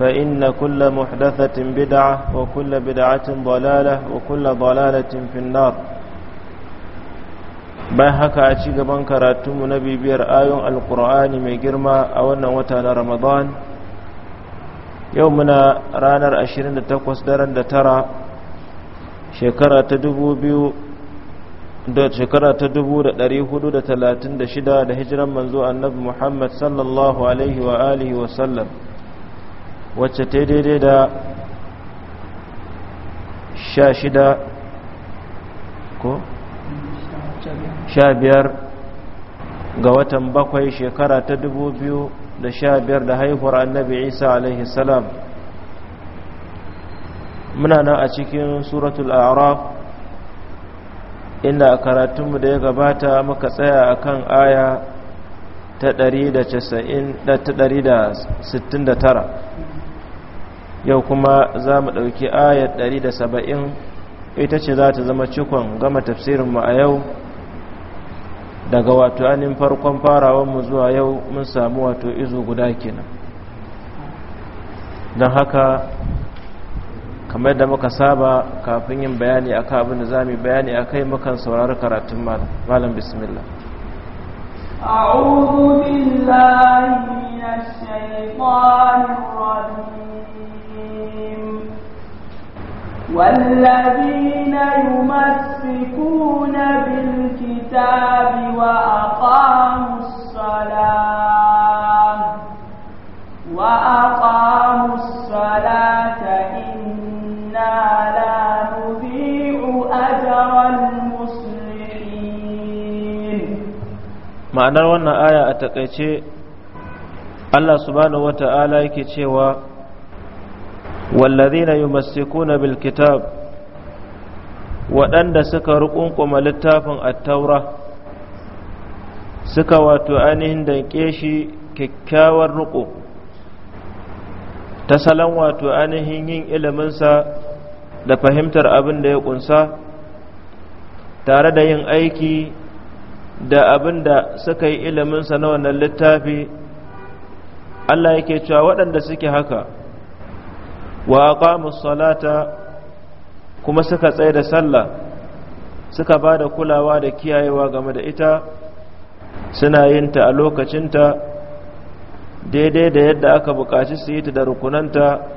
فإن كل محدثة بدعة وكل بدعة ضلالة وكل ضلالة في النار bayan haka a ci gaban karatunmu na bibiyar ayon alkur'ani mai girma a wannan wata na ramadan yau muna ranar 28 daren da tara shekara ta 2436 da hijiran manzo annabi muhammad sallallahu alaihi wa alihi wasallam wacce ta daidai da sha shida ko sha biyar ga watan bakwai shekara ta dubu biyu da sha biyar da haihuwar annabi isa alaihi salam muna nan a cikin suratul araf inda a karatunmu da ya gabata muka tsaya a kan aya ta tara. yau kuma za mu ɗauki ayat saba'in, ita ce za ta zama cikon gama tafsirinmu a yau daga wato anin farkon mu zuwa yau mun samu wato izu guda kenan don haka kamar da muka saba kafin yin bayani a abin da za mu bayani a kai mukan saurari karatun malam malam bismillah أعوذ بالله من الشيطان الرجيم والذين يمسكون بالكتاب وأقاموا الصلاة وأقاموا الصلاة إنا لا نضيع أجر المصلحين معنى وانا آية أتقيتي Allah subhanahu wa ta'ala yake cewa والذين يمسكون بالكتاب waɗanda suka rukunkuma littafin attaura suka wato ainihin danƙe shi kyakkyawar ruku ta salon wato ainihin yin iliminsa da fahimtar abin da ya ƙunsa tare da yin aiki da abin da suka yi iliminsa na wannan littafi Allah yake cewa waɗanda suke haka wa aqamu salata kuma suka tsaye da sallah suka ba da kulawa da kiyayewa game da ita suna yin ta a lokacinta daidai da yadda aka buƙaci su yi ta da rukunanta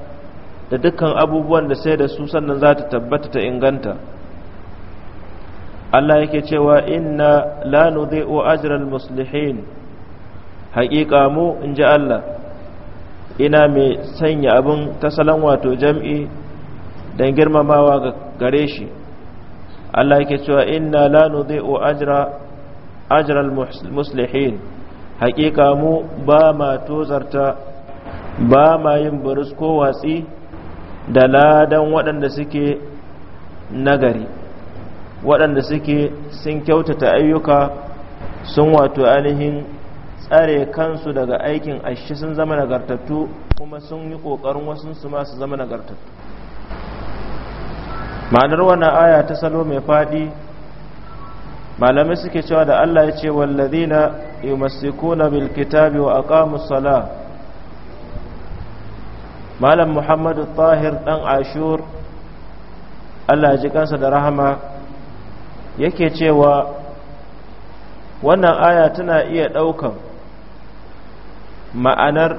da dukkan abubuwan da sai da su sannan za ta tabbata ta inganta Allah yake cewa inna la nudhi'u ajral muslihin haƙiƙa mu in ji Allah ina mai sanya abin ta salon wato jam'i don girmamawa ga gare shi Allah yake cewa ina la zai o ajiyar muslihin haƙiƙa mu ba ma tozarta ba ma yin buris ko watsi da ladan waɗanda suke nagari waɗanda suke sun kyautata ayyuka sun wato ainihin tsare kansu daga aikin ashi sun zama nagartattu kuma sun yi ƙoƙarin wasu su ma su zama nagartattu ma'anar wannan aya ta salo mai faɗi malamai suke cewa da Allah ya ce na yumassikuna bil bilkitabi wa aqamus sala malam muhammadu tahir dan ashur Allah ji kansa da rahama yake cewa wannan aya tana iya ɗaukan ma'anar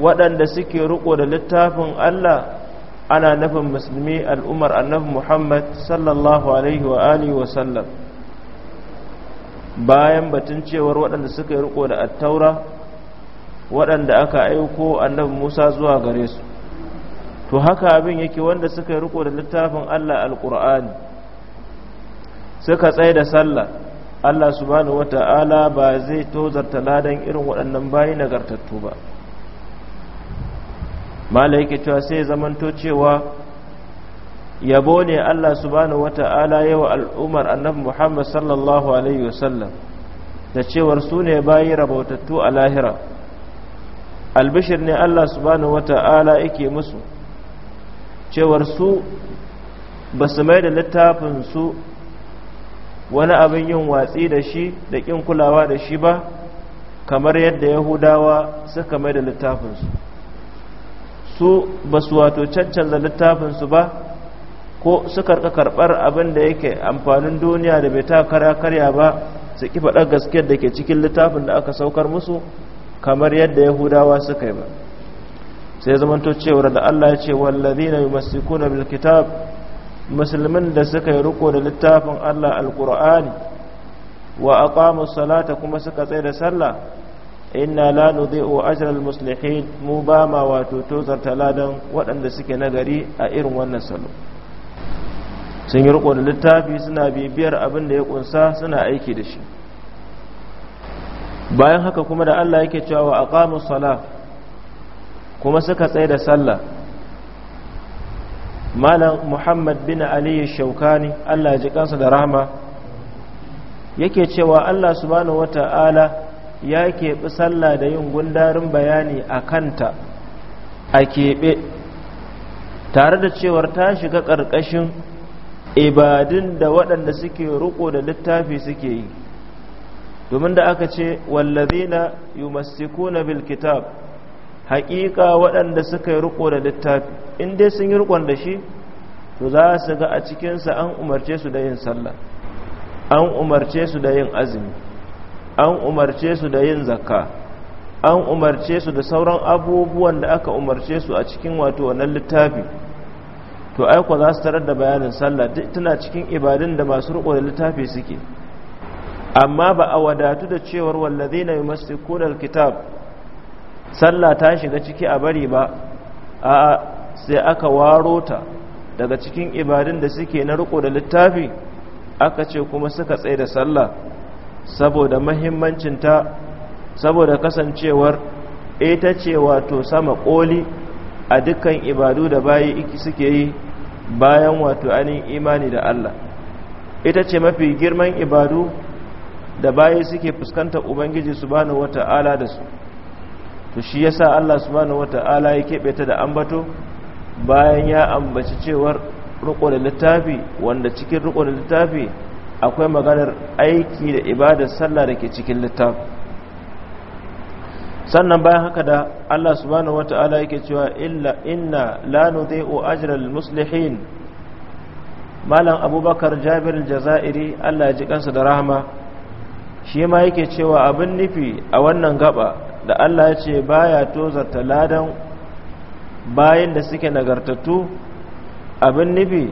waɗanda suke riko da littafin Allah ana nufin musulmi al'umar annabi Muhammad sallallahu alaihi wa alihi wa sallam bayan batun cewar waɗanda suka yi riko da attaura waɗanda aka aiko annabi Musa zuwa gare su to haka abin yake wanda suka yi riko da littafin Allah alƙur'ani suka tsaye da sallah Allah subhanahu wata'ala ba zai tozarta ladan irin waɗannan bayi nagartattu ba malai cewa sai zamanto cewa yabo ne Allah subhanahu wata'ala yawa al'ummar annabi Muhammad sallallahu alaihi wasallam da cewar su ne bayi rabautattu a lahira albishir ne Allah subhanahu wata'ala yake musu cewar su ba su mai da littafin su wani abin yin watsi da shi da ƙin kulawa da shi ba kamar yadda yahudawa suka mai da littafinsu su ba su wato littafin littafinsu ba ko suka karɓar abin da yake amfanin duniya da bai ta karya karya ba su ki faɗar gaskiyar da ke cikin littafin da aka saukar musu kamar yadda yahudawa suka yi ba sai zamanto cewar da allah ya ce wallazina yumassikuna bil kitab musulmin da suka yi riko da littafin Allah alkur'ani wa aqamu salata kuma suka tsaye da sallah inna la nudhi'u ajra muslihin mu ba ma wato tozar taladan waɗanda suke nagari a irin wannan salo sun yi riko da littafi suna bibiyar abin da ya kunsa suna aiki da shi bayan haka kuma da Allah yake cewa wa aqamu salah kuma suka tsaye da sallah malam muhammad bin ali shaukani allah ji kansa da rahama yake cewa allah subhanahu wata'ala ya keɓi sallah da yin gundarin bayani a kanta a keɓe tare da cewar ta shiga ƙarƙashin ibadun da waɗanda suke ruko da littafi suke yi domin da aka ce wallazina yumassikuna bil kitab haƙiƙa waɗanda suka yi riko da littafi in dai sun yi rikon da shi to za su ga a cikinsa an umarce su da yin sallah an umarce su da yin azumi an umarce su da yin zakka an umarce su da sauran abubuwan da aka umarce su a cikin wato wannan littafi to aiko za su tarar da bayanin sallah tana cikin ibadun da masu riko da littafi suke amma ba a wadatu da cewar wallazina yumassikuna kitab. sallah ta shiga ciki a bari ba a sai aka waro ta daga cikin ibadun da suke na riko da littafi aka ce kuma suka tsaye da sallah saboda mahimmancinta saboda kasancewar ita ce wato sama koli a dukkan ibadu da bayi suke yi bayan wato anin imani da Allah ita ce mafi girman ibadu da bayi suke fuskanta ubangiji subhanahu wata'ala da su to shi yasa Allah subhanahu wata'ala ya keɓe ta da ambato bayan ya ambaci cewar riko da littafi wanda cikin riko da littafi akwai maganar aiki da ibadar sallah da ke cikin littafi sannan bayan haka da Allah subhanahu wata'ala yake cewa illa inna la o ajral muslihin malam abubakar jabir jazairi Allah ya ji kansa da rahama shi ma yake cewa abin nufi a wannan gaba da Allah ya ce ya tozarta ladan bayan da suke nagartattu abin nufi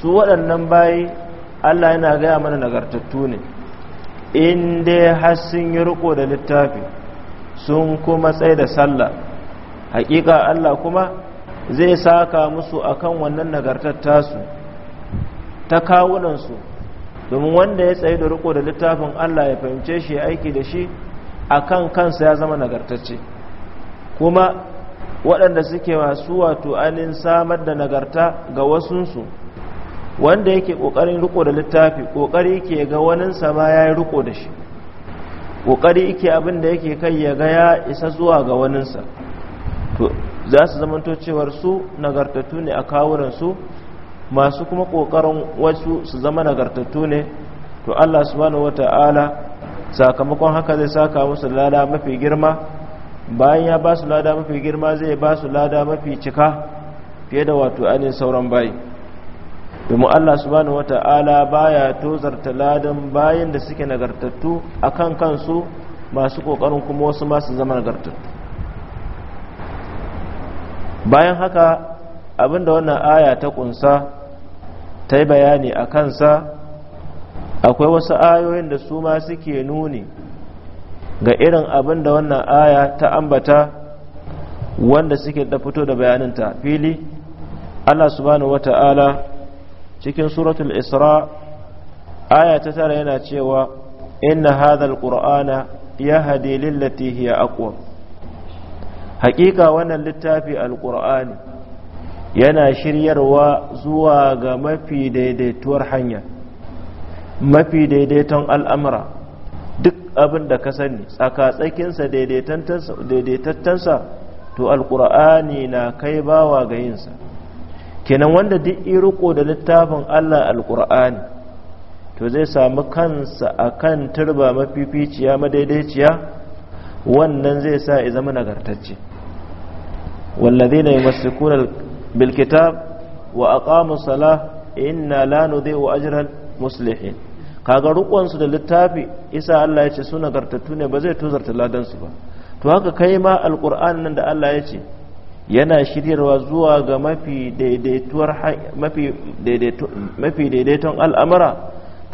su waɗannan bayi Allah yana gaya mana nagartattu ne in dai har sun yi riko da littafi sun kuma tsaye da sallah hakika Allah kuma zai saka musu akan wannan nagartattasu ta kawunansu domin wanda ya tsaye da riko da littafin Allah ya fahimce shi aiki da shi a kan kansa ya zama nagartacce kuma waɗanda suke masu wato anin samar da nagarta ga wasunsu wanda yake ƙoƙarin riko da littafi ƙoƙari ke ga waninsa ma ya yi riko da shi ƙoƙari yake abinda da yake kai ya ga ya isa zuwa ga waninsa to za su zamanto cewar su nagartattu ne a kawuransu masu kuma ƙoƙarin wasu su zama nagartattu ne to allah subhanahu Ta'ala. sakamakon haka zai saka musu lada mafi girma bayan ya ba su lada mafi girma zai ba su lada mafi cika fiye da wato anin sauran bayi domin Allah subhanahu wata'ala baya tozarta ladan bayan da suke nagartattu akan kansu masu kokarin kuma wasu masu zama nagartattu bayan haka abinda wannan aya ta kunsa ta yi bayani a kansa akwai wasu ayoyin da su ma suke nuni ga irin abin da wannan aya ta ambata wanda suke da fito da bayaninta fili Allah subhanahu wata'ala cikin suratul isra aya ta tara yana cewa inna hadhal qur'ana yahdi lillati hiya aqwa haƙiƙa wannan littafi alqur'ani yana shiryarwa zuwa ga mafi daidaituwar hanya mafi daidaiton al'amura duk abin da ka sani tsaka-tsakinsa daidaitattansa to alƙur'ani na kai bawa ga yinsa kenan wanda duk iriko da littafin allah alkur'ani to zai samu kansa a kan turba mafificiya madaidaiciya wannan zai sa ya zama nagartacce masu yumassikuna bilkita wa aqamu salah inna zai nudhi'u ajiyar muslihin kaga rukunsu da littafi isa Allah ya ce su nagartattu ne ba zai tozarta ladansu ba to haka kai ma alkur'an nan da Allah ya ce yana shiryarwa zuwa ga mafi daidaituwar daidaiton al'amura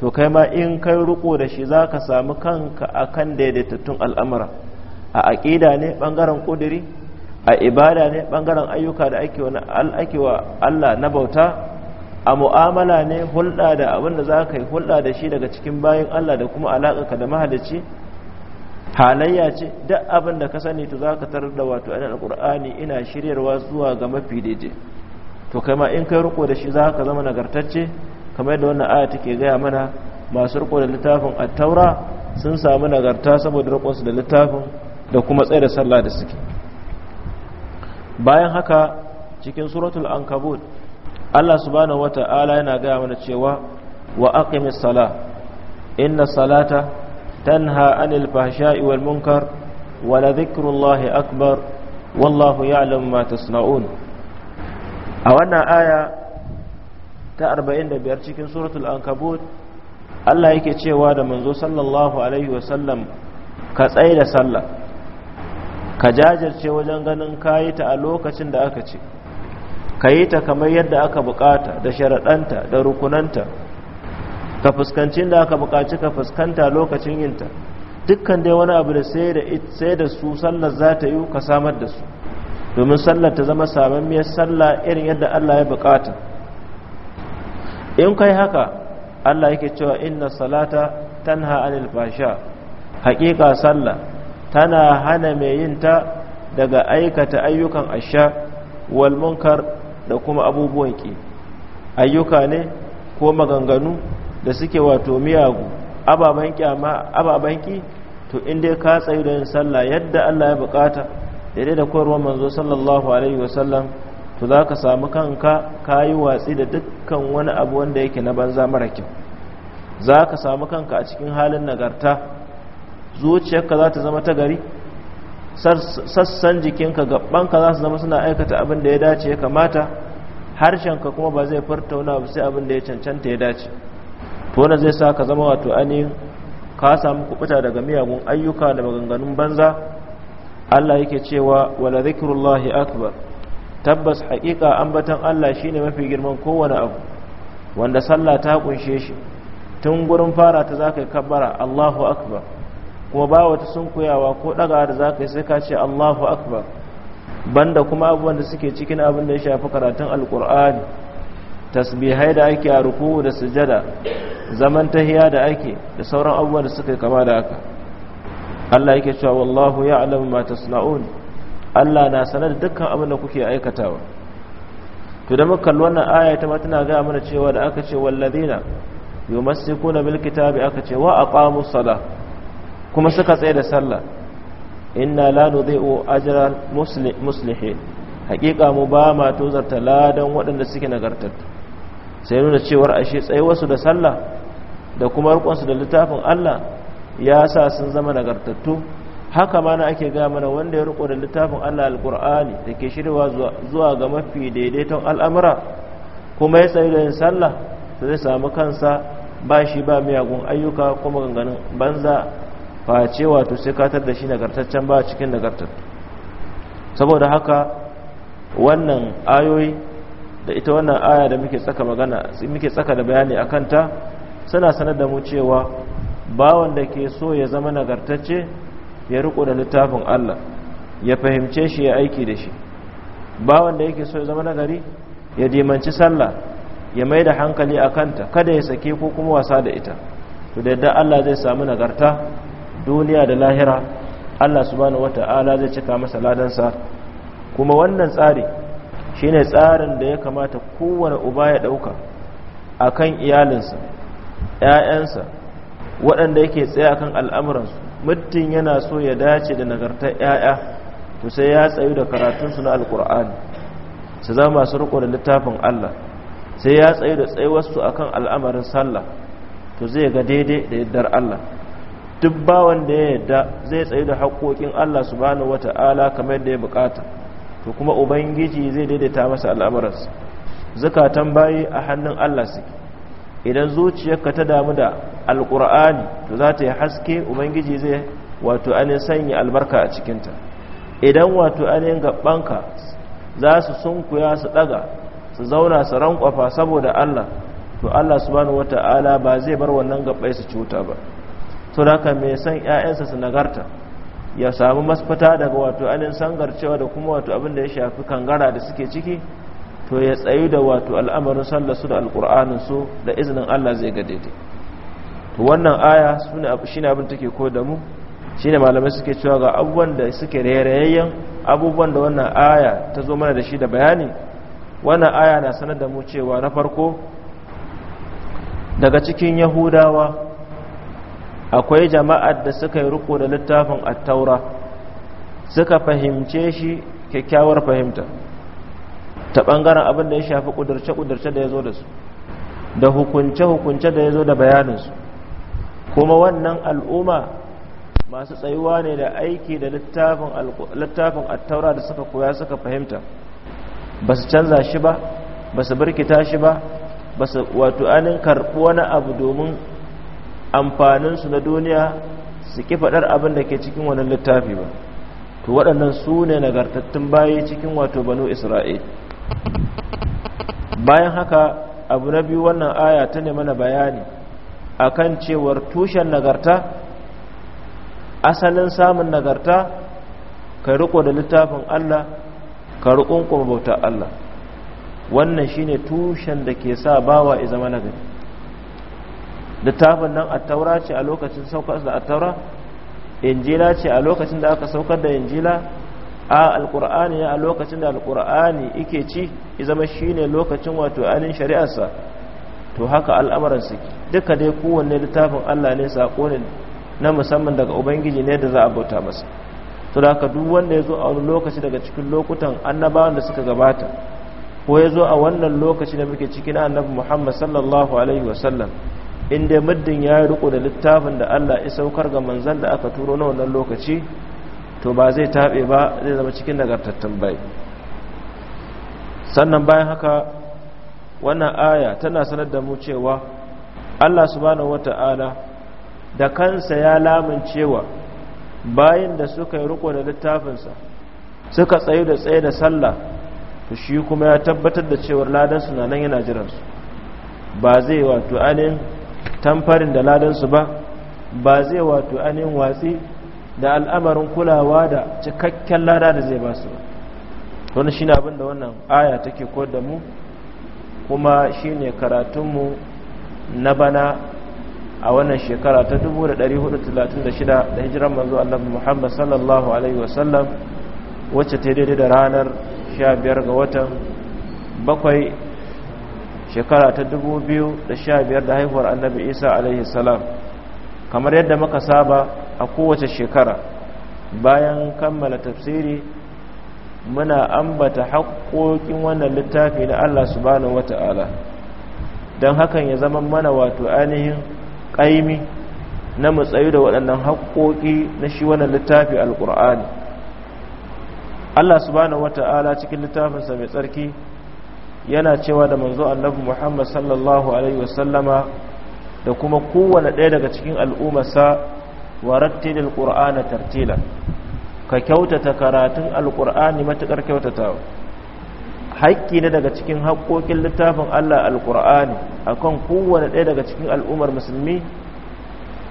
to kai ma in kai ruko da shi za ka samu kanka a kan daidaitattun al'amura a aƙida ne ɓangaren ƙudiri a ibada ne ɓangaren ayyuka da ake wa Allah na bauta a mu'amala ne hulɗa da abin da za ka yi hulɗa da shi daga cikin bayan Allah da kuma alaƙa da mahalicci halayya ce duk abin da ka sani to za ka tarar da wato ainihin alƙur'ani ina shiryarwa zuwa ga mafi daidai to kai ma in kai riko da shi za ka zama nagartacce kamar yadda wannan aya take gaya mana masu riko da littafin taura sun samu nagarta saboda rikonsu da littafin da kuma tsaye da sallah da suke bayan haka cikin suratul ankabut Allah subhanahu wata'ala yana gaya mana cewa wa aqimis sala inna salata tanha anil fahsha'i wal munkar wa la dhikrullahi akbar wallahu ya'lamu ma tasna'un a wannan aya ta 45 cikin suratul ankabut Allah yake cewa da manzo sallallahu alaihi sallam, ka tsaye da sallah ka jajirce wajen ganin kayi ta a lokacin da aka ce ka yi ta kamar yadda aka bukata da sharaɗanta da rukunanta ka fuskanci da aka bukaci ka fuskanta lokacin yinta dukkan dai wani abu da sai da su sallar za ta yi ka samar da su domin sallar ta zama miyar sallah irin yadda Allah ya bukata in kai haka Allah yake cewa inna salata tanha anil fasha haƙiƙa sallah tana hana mai yinta daga aikata ayyukan asha wal munkar da kuma abubuwan ƙi ayyuka ne ko maganganu da suke wato miyagu ababen amma ababen ƙi to inda ka tsayi da yin sallah yadda Allah ya bukata daidai da koyarwar manzo sallallahu alaihi wasallam to za ka samu kanka ka yi watsi da dukkan wani abu wanda yake na banza mara kyau za ka samu kanka a cikin halin nagarta zuciyarka za ta zama ta gari sassan jikinka gabanka za su zama suna aikata abin da ya dace ya kamata harshenka kuma ba zai furta wani abu sai abin da ya cancanta ya dace to wannan zai sa ka zama wato ainihin ka samu kubuta daga miyagun ayyuka da maganganun banza Allah yake cewa wala zikrullahi akbar tabbas haƙiƙa ambatan Allah shine mafi girman kowane abu wanda sallah ta kunshe shi tun gurin fara ta zakai kabbara Allahu akbar kuma ba wata kuyawa ko daga da za ka yi sai ka ce allahu akbar banda kuma abubuwan da suke cikin abin da ya shafi karatun alkur'ani tasbihai da ake a ruku da sujada zaman tahiya da ake da sauran abubuwan da suka kama da haka Allah yake cewa wallahu ya'lamu ma tasna'un Allah na sanar da dukkan abin da kuke aikatawa to da muka kalli wannan aya ta ma tana ga mana cewa da aka ce walladina yumassikuna bil kitabi aka ce wa aqamu salat kuma suka tsaye da sallah inna la nudhi'u ajra muslihin haƙiƙa mu ba ma tozarta ladan waɗanda suke nagartattu sai nuna cewar ashe tsayuwarsu da sallah da kuma riƙonsu da littafin Allah ya sa sun zama nagartattu haka ma na ake gaya mana wanda ya riƙo da littafin Allah alƙur'ani da ke shirwa zuwa ga mafi daidaiton al'amura kuma ya tsayu da yin sallah zai samu kansa ba shi ba miyagun ayyuka kuma ganganin banza face wato sai katar da shi nagartaccen ba cikin nagartar saboda haka wannan ayoyi da ita wannan aya da muke tsaka magana muke tsaka da bayani a kanta suna sanar da mu cewa bawan da ke so ya zama nagartacce ya riko da littafin Allah ya fahimce shi ya aiki da shi bawan da yake so ya zama nagari ya dimanci sallah ya mai da hankali a kanta kada ya sake ko kuma wasa da ita to da yadda Allah zai samu nagarta duniya da lahira Allah subhanahu wata'ala zai cika masa ladansa kuma wannan tsari shine tsarin da ya kamata kowane uba ya dauka akan iyalinsa ƴaƴansa waɗanda yake tsaye akan al'amuransu mutum yana so ya dace da nagartar ƴaƴa to sai ya tsayu da karatunsu na alkur'ani su zama masu riko da littafin Allah sai ya tsayu da tsayuwarsu akan al'amarin sallah to zai ga daidai da yaddar Allah duk bawan da ya yadda zai tsaye da haƙoƙin Allah subhanahu wata'ala kamar yadda ya bukata to kuma ubangiji zai daidaita masa al'amuransa zakatan bayi a hannun Allah suke idan zuciyarka ta damu da alƙur'ani to za ta yi haske ubangiji zai wato an sanya albarka a cikinta idan wato gaban ka za su sunkuya su ɗaga su zauna su rankwafa saboda Allah to Allah subhanahu wata'ala ba zai bar wannan gabbai su cuta ba sau da haka mai san ya'yansa su nagarta ya samu masfata daga wato sangar cewa da kuma wato abin da ya shafi kangara da suke ciki to ya tsayu da wato al'amarin sallar da alƙur'anin su da izinin Allah zai ga daidai to wannan aya shine abin take ko da mu shine malamai suke cewa ga abubuwan da suke rayayyen abubuwan da wannan aya ta zo mana da shi da bayani wannan aya na sanar da mu cewa na farko daga cikin yahudawa akwai jama'ar da suka yi riko da littafin attaura suka fahimce shi kyakkyawar fahimta ta ɓangaren abin da ya shafi ƙudurce-ƙudurce da ya zo da su da hukunce-hukunce da ya zo da bayaninsu kuma wannan al'umma masu tsayuwa ne da aiki da littafin attaura da suka koya suka fahimta ba su canza shi ba ba su birkita shi ba ba su wato anin karɓi wani abu domin amfaninsu na duniya su ki faɗar abin da ke cikin wannan littafi ba to waɗannan su ne nagartattun bayi cikin wato banu isra'il bayan haka abu na biyu wannan aya ta ne mana bayani akan cewar tushen nagarta asalin samun nagarta ka riko da littafin Allah ka riƙon kuma bautar Allah wannan shine tushen da ke sa bawa i zama nagari littafin nan attaura ce a lokacin saukar da attaura injila ce a lokacin da aka saukar da injila a alkur'ani ya a lokacin da alkur'ani ike ci zama ne lokacin wato ainihin shari'arsa to haka al'amuran su duka dai kowanne littafin Allah ne saƙo ne na musamman daga ubangiji ne da za a bauta masa to da duk wanda ya zo a wani lokaci daga cikin lokutan annabawan da suka gabata ko ya zo a wannan lokaci da muke ciki na annabi Muhammad sallallahu alaihi wasallam inda muddin ya riko da littafin da Allah ya saukar ga manzan da aka turo na wannan lokaci to ba zai taɓe ba zai zama cikin nagartattun bai sannan bayan haka wannan aya tana sanar da mu cewa Allah subhanahu wata'ala da kansa ya lamuncewa bayan da suka yi riko da littafinsa suka tsayo da tsaye da sallah to shi kuma ya tabbatar da cewar ladansu na nan yana jiransu ba zai wato ainihin tamfarin da ladansu ba ba zai wato anin watsi da al'amarin kulawa da cikakken lada da zai ba su ba wani shi abin da wannan aya take da mu kuma shi ne karatunmu na bana a wannan shekara ta 1436 da hijiran manzo annabi Muhammad sallallahu alaihi wasallam wacce ta daidai da ranar 15 ga watan bakwai shekara ta 2015 da haihuwar annabi isa alaihi salam kamar yadda muka saba a kowace shekara bayan kammala tafsiri muna ambata haƙoƙin wannan littafi na allah subhanahu wata'ala don hakan ya zama mana wato ainihin ƙaimi na matsayi da waɗannan haƙoƙi na shi wannan littafi alƙur'ani allah subhanahu wata'ala cikin littafinsa mai tsarki yana cewa da manzo annabi Muhammad sallallahu alaihi wasallama da kuma kowanne ɗaya daga cikin al'ummarsa wa qur'ana tartila ka kyautata karatun alqur'ani matakar kyautatawa haƙƙi ne daga cikin haƙƙoƙin littafin Allah alqur'ani akan kowanne ɗaya daga cikin al'ummar musulmi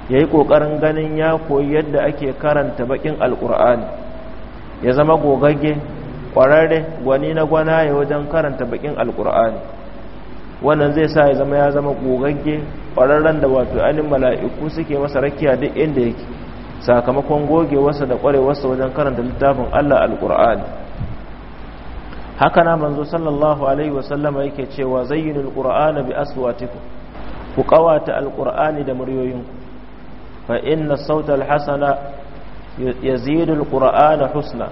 yayi ƙoƙarin ganin ya koyi yadda ake karanta baƙin alqur'ani ya zama gogagge kwararre gwani na gwana ya wajen karanta bakin alkur'ani wannan zai sa ya zama ya zama gogagge kwararren da wato ainihin mala'iku suke masa rakiya duk inda yake sakamakon gogewarsa da kwarewarsa wajen karanta littafin allah alkur'ani haka na manzo sallallahu alaihi wasallama yake cewa zayyinul qur'ana bi aswatikum ku kawata alqur'ani da muryoyinku fa sautal hasana yazidu alqur'ana husna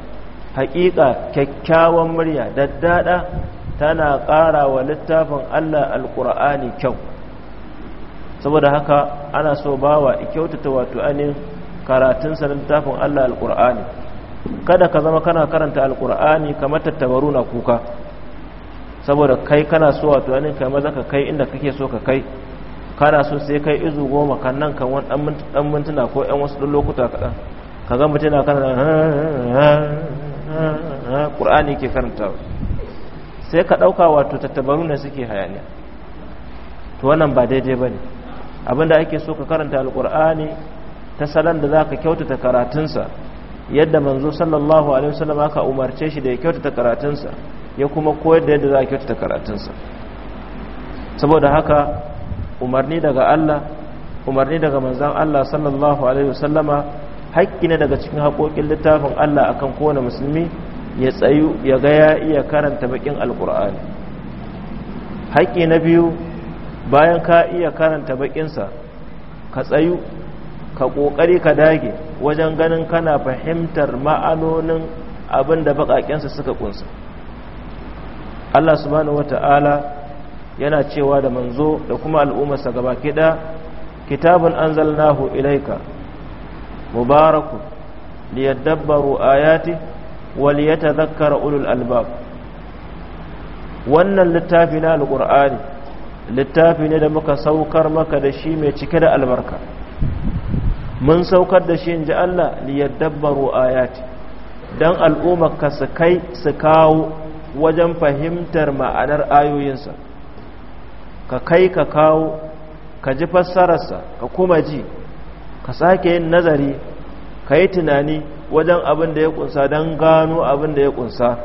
haƙiƙa kyakkyawan murya daddada tana ƙara wa littafin Allah alƙur'ani kyau saboda haka ana so bawa ikyautata wato ainihin karatunsa na littafin Allah alƙur'ani kada ka zama kana karanta alƙur'ani kamar tattabaru na kuka saboda kai kana so wato ainihin kai maza ka kai inda kake so ka kai kana so sai kai izu goma kan nan kan wani ɗan mintuna ko 'yan wasu lokuta kaɗan ka ga mutum na kana ƙur'ani ke karanta sai ka ɗauka wato tattabaru na suke hayaniya to wannan ba daidai ba ne abinda ake so ka karanta alƙur'ani ta salon da za ka kyautata karatunsa yadda manzo sallallahu alaihi wasallam aka umarce shi da ya kyautata karatunsa ya kuma koyar da yadda za a kyautata karatunsa saboda haka umarni daga Allah umarni daga manzon Allah sallallahu alaihi wasallama haƙƙi ne daga cikin haƙoƙin littafin Allah a kan kowane musulmi ya tsayu ya ga iya karanta baƙin alkur'ani haƙƙi na biyu bayan ka iya karanta baƙinsa ka tsayu ka ƙoƙari ka dage wajen ganin kana fahimtar ma'anonin abin da baƙaƙensa suka ƙunsa Allah subhanahu wata'ala yana cewa da manzo da kuma al'ummarsa gaba kiɗa kitabun anzalnahu ilaika مبارك liyadabbaru ayati وليتذكر yatadhakkara ulul albab wannan littafi na alqur'ani littafi ne da muka saukar maka da shi mai cike da albarka mun saukar da shi inji Allah liyadabbaru ayati dan al'umma ka su kai su kawo wajen fahimtar ma'anar ayoyinsa ka kai ka kawo ka ji fassararsa ka kuma ji ka sake yin nazari ka yi tunani wajen abin da ya kunsa don gano abin da ya kunsa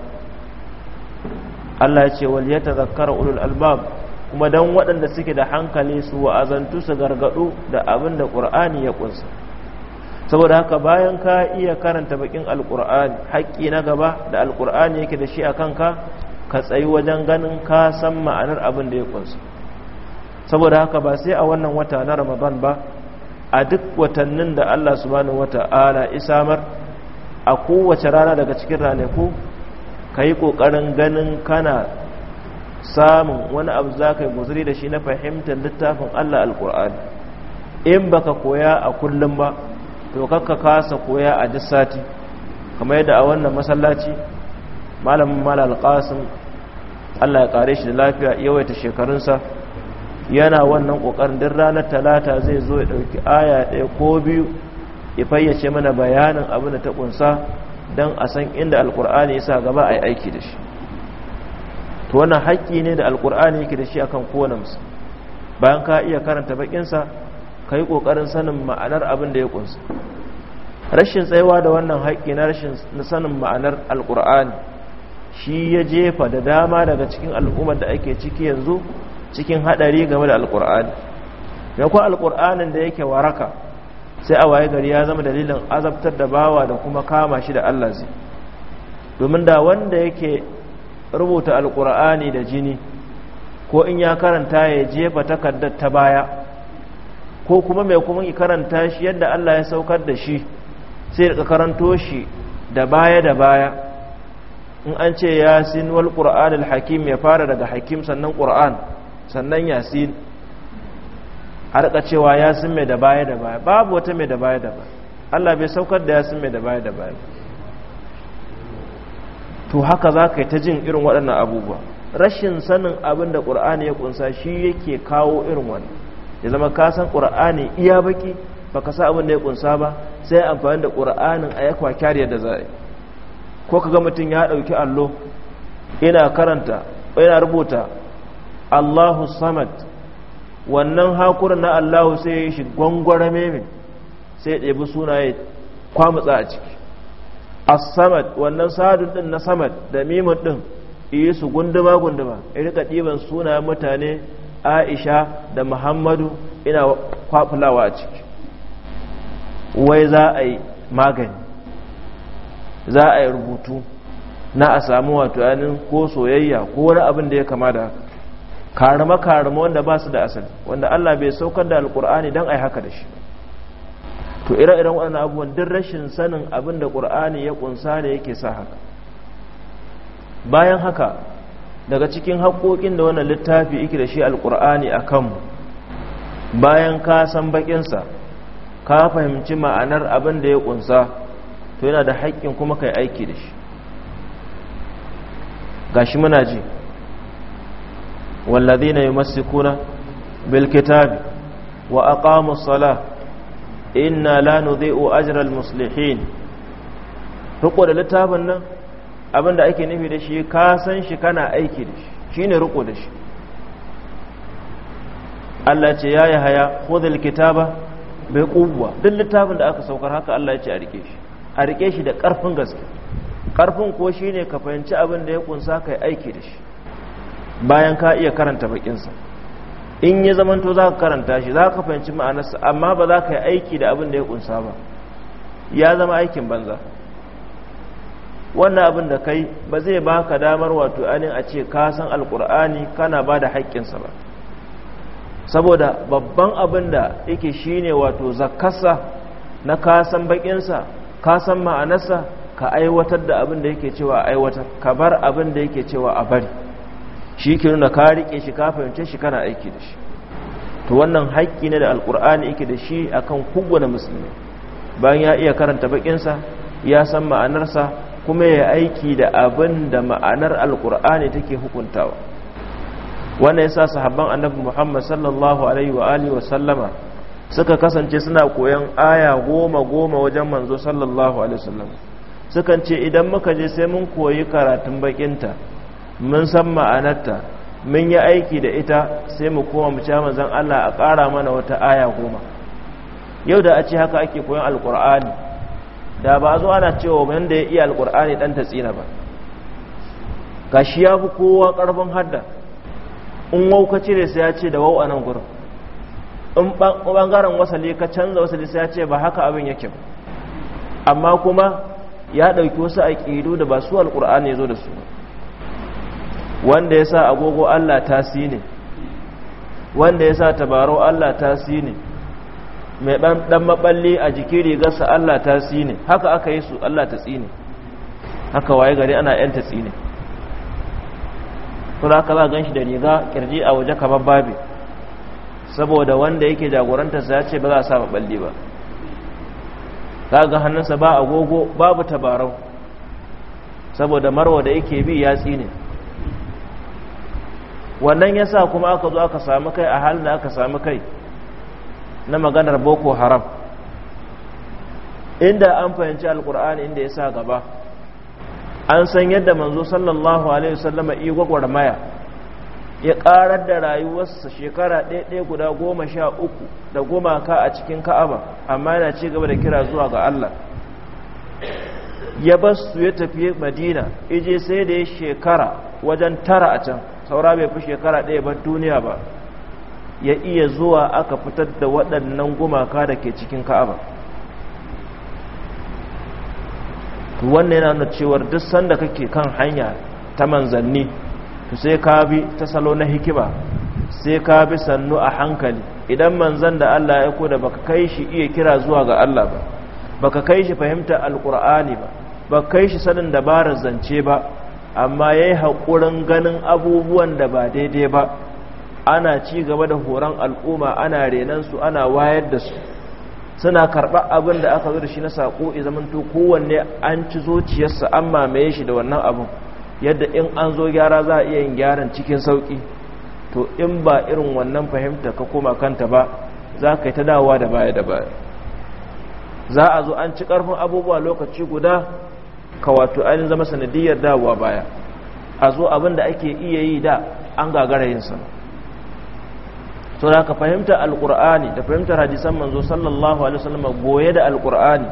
Allah ce wal zakara ulul albab kuma don waɗanda suke da hankali su wa'azantu su gargaɗu da abin da ƙur'ani ya kunsa saboda haka bayan ka iya karanta bakin alƙur'ani haƙƙi na gaba da alƙur'ani yake da shi a kanka ka tsayi wajen ganin ka san ma'anar abin da ya kunsa saboda haka ba sai a wannan wata na ramadan ba a duk watannin da Allah subhanahu wata'ala isamar a kowace rana daga cikin ranaku ka yi ƙoƙarin ganin kana samun wani abu za ka yi guzuri da shi na fahimtar littafin Allah alƙur'ani in ba ka koya a kullum ba to kakka kasa koya a duk sati kamar yadda a wannan masallaci malamin malal qasim Allah ya kare shi da lafiya yawaita shekarunsa yana wannan kokarin din ranar talata zai zo ya ɗauki aya ɗaya ko biyu ya fayyace mana bayanin abin da ta ƙunsa don a san inda ya sa gaba a yi aiki da shi to wannan haƙƙi ne da alkur'ani yake da shi akan kan konansa bayan ka iya karanta bakinsa ka yi ƙoƙarin sanin ma'anar abin da ya kunsa rashin tsayawa da wannan haƙƙi na rashin sanin ma'anar alkur'ani shi ya jefa da dama daga cikin al'ummar da ake ciki yanzu cikin hadari game da alkur'ani da kuwa alkur'anin da yake waraka sai a waye gari ya zama dalilin azabtar da bawa da kuma kama shi da Allah zai domin da wanda yake rubuta alkur'ani da jini ko in ya karanta ya jefa takardar ta baya ko kuma mai kuma ya karanta shi yadda Allah ya saukar da shi sai da karanto shi da baya da baya in an ce ya wal ƙura'an al hakim ya fara daga hakim sannan ƙur'an. sannan yasin harka cewa yasin mai da baya da baya babu wata mai da baya da baya Allah bai saukar da yasin mai da baya da baya to haka za ka yi ta jin irin waɗannan abubuwa rashin sanin abin da ƙur'ani ya ƙunsa shi yake kawo irin wani ya zama kasan san ƙur'ani iya baki ka sa abin da ya ƙunsa ba sai amfani da ƙur'anin a ya kwakyar da za a yi ko ka ga mutum ya ɗauki allo ina karanta ina rubuta Allahu samad wannan hakuran na Allahu sai ya shi gwangwarame mai sai ɗebi sunaye kwamutsa a ciki as-samad wannan sadun din na samad da mimun din yi su gunduma gunduma ya rika ɗiban sunayen mutane Aisha da Muhammadu ina kwafulawa a ciki wai za a yi magani za a yi rubutu na a samu wato yanin ko soyayya ko wani abin da ya kama da haka karama karama wanda ba su da asali wanda Allah bai saukar da alkur'ani don a yi haka da shi to ire-iren waɗannan abubuwan duk rashin sanin abin da ƙur'ani ya ƙunsa ne yake sa haka bayan haka daga cikin haƙoƙin da wannan littafi yake da shi alkur'ani a kanmu bayan ka san baƙinsa ka fahimci ma'anar abin da ya ƙunsa to yana da haƙƙin kuma kai aiki da shi gashi muna ji والذين يمسكون بالكتاب وأقاموا الصلاة إنا لا نضيء أجر المصلحين riko da littafin nan abin da ake nufi da shi ka san shi kana aiki da shi shine riko da shi Allah ce ya yi haya khudhul kitaba bai quwwa duk littafin da aka saukar haka Allah ya ce a rike shi a rike shi da karfin gaske karfin ko shine ka fahimci abin da ya kunsa kai aiki da shi bayan ka iya karanta bakinsa in ya zamanto za ka karanta shi za ka fahimci ma'anarsa amma ba za ka yi aiki da abin da ya kunsa ba ya zama aikin banza wannan abin da kai ba zai baka damar wato anin a ce ka san alkur'ani kana ba da sa ba saboda babban abin da yake shine wato zakkarsa na ka san bakinsa ka san ma'anarsa ka aiwatar da abin da yake cewa aiwatar ka bar abin da yake cewa a bari shi ke nuna ka rike shi ka fahimce shi kana aiki da shi to wannan haƙƙi ne da alƙur'ani yake da shi akan kowane musulmi bayan ya iya karanta baƙinsa ya san ma'anarsa kuma ya aiki da abin da ma'anar alkur'ani take hukuntawa wannan yasa sahabban annabi Muhammad sallallahu alaihi wa alihi wa sallama suka kasance suna koyan aya goma goma wajen manzo sallallahu alaihi wasallam sukan ce idan muka je sai mun koyi karatun bakinta mun san ma'anarta mun yi aiki da ita sai mu koma mu ci zan Allah a ƙara mana wata aya goma yau da a ce haka ake koyon alƙur'ani da ba zo ana cewa wanda ya iya alƙur'ani dan ta tsina ba shi ya fi kowa ƙarfin hadda in wauka cire sai ya ce da wau a nan gurin in ɓangaren wasali ka canza wasali sai ya ce ba haka abin yake ba amma kuma ya ɗauki wasu aƙidu da ba su alƙur'ani ya zo da su wanda ya sa agogo Allah ta ne wanda ya sa tabarau Allah ta ne mai ɗan maɓalli a jiki rigarsa Allah ta ne haka aka yi su Allah ta tsine haka waye gari ana ‘yan ta tsine kula ka za gan shi da riga kirji a waje kamar babi saboda wanda yake sa ya ce ba za a sa maɓalli ba za ga hannunsa ba agogo babu tabarau saboda marwa da yake bi ya tsine wannan yasa kuma aka zo aka samu kai a halin da aka samu kai na maganar boko haram inda an fahimci alkur'ani inda ya sa gaba an san yadda manzo sallallahu alaihi wasallama iya gwagwarmaya ya karar da rayuwarsa shekara ɗaya guda goma sha uku da gumaka a cikin ka'aba amma yana ci gaba da kira zuwa ga Allah ya basu ya tafi madina ije sai da ya shekara wajen tara a can saura bai fi shekara ɗaya ba duniya ba ya iya zuwa aka fitar da waɗannan gumaka da ke cikin ka'aba wannan yana nuna cewar duk sanda kake kan hanya ta manzanni to sai ka bi ta salo na hikima sai ka bi sannu a hankali idan manzan da Allah ya ko da baka kai shi iya kira zuwa ga Allah ba baka kai shi fahimta alkur'ani ba baka kai shi sanin dabarar zance ba amma ya yi haƙurin ganin abubuwan da ba daidai ba ana ci gaba da horon al'umma ana renansu ana wayar da su suna karɓar abin da aka zo da shi na saƙo izamanto kowanne an ci zuciyarsa an mamaye shi da wannan abin yadda in an zo gyara za a iya yin gyaran cikin sauƙi to in ba irin wannan fahimta ka koma kanta ba za ka yi ta dawowa da baya da baya za a zo an ci ƙarfin abubuwa lokaci guda ka wato ainihin zama sanadiyar dawowa baya a zo abin da ake iya yi da an gagara yinsa to da ka fahimta alkur'ani da fahimtar hadisan manzo sallallahu alaihi wasallam goye da alkur'ani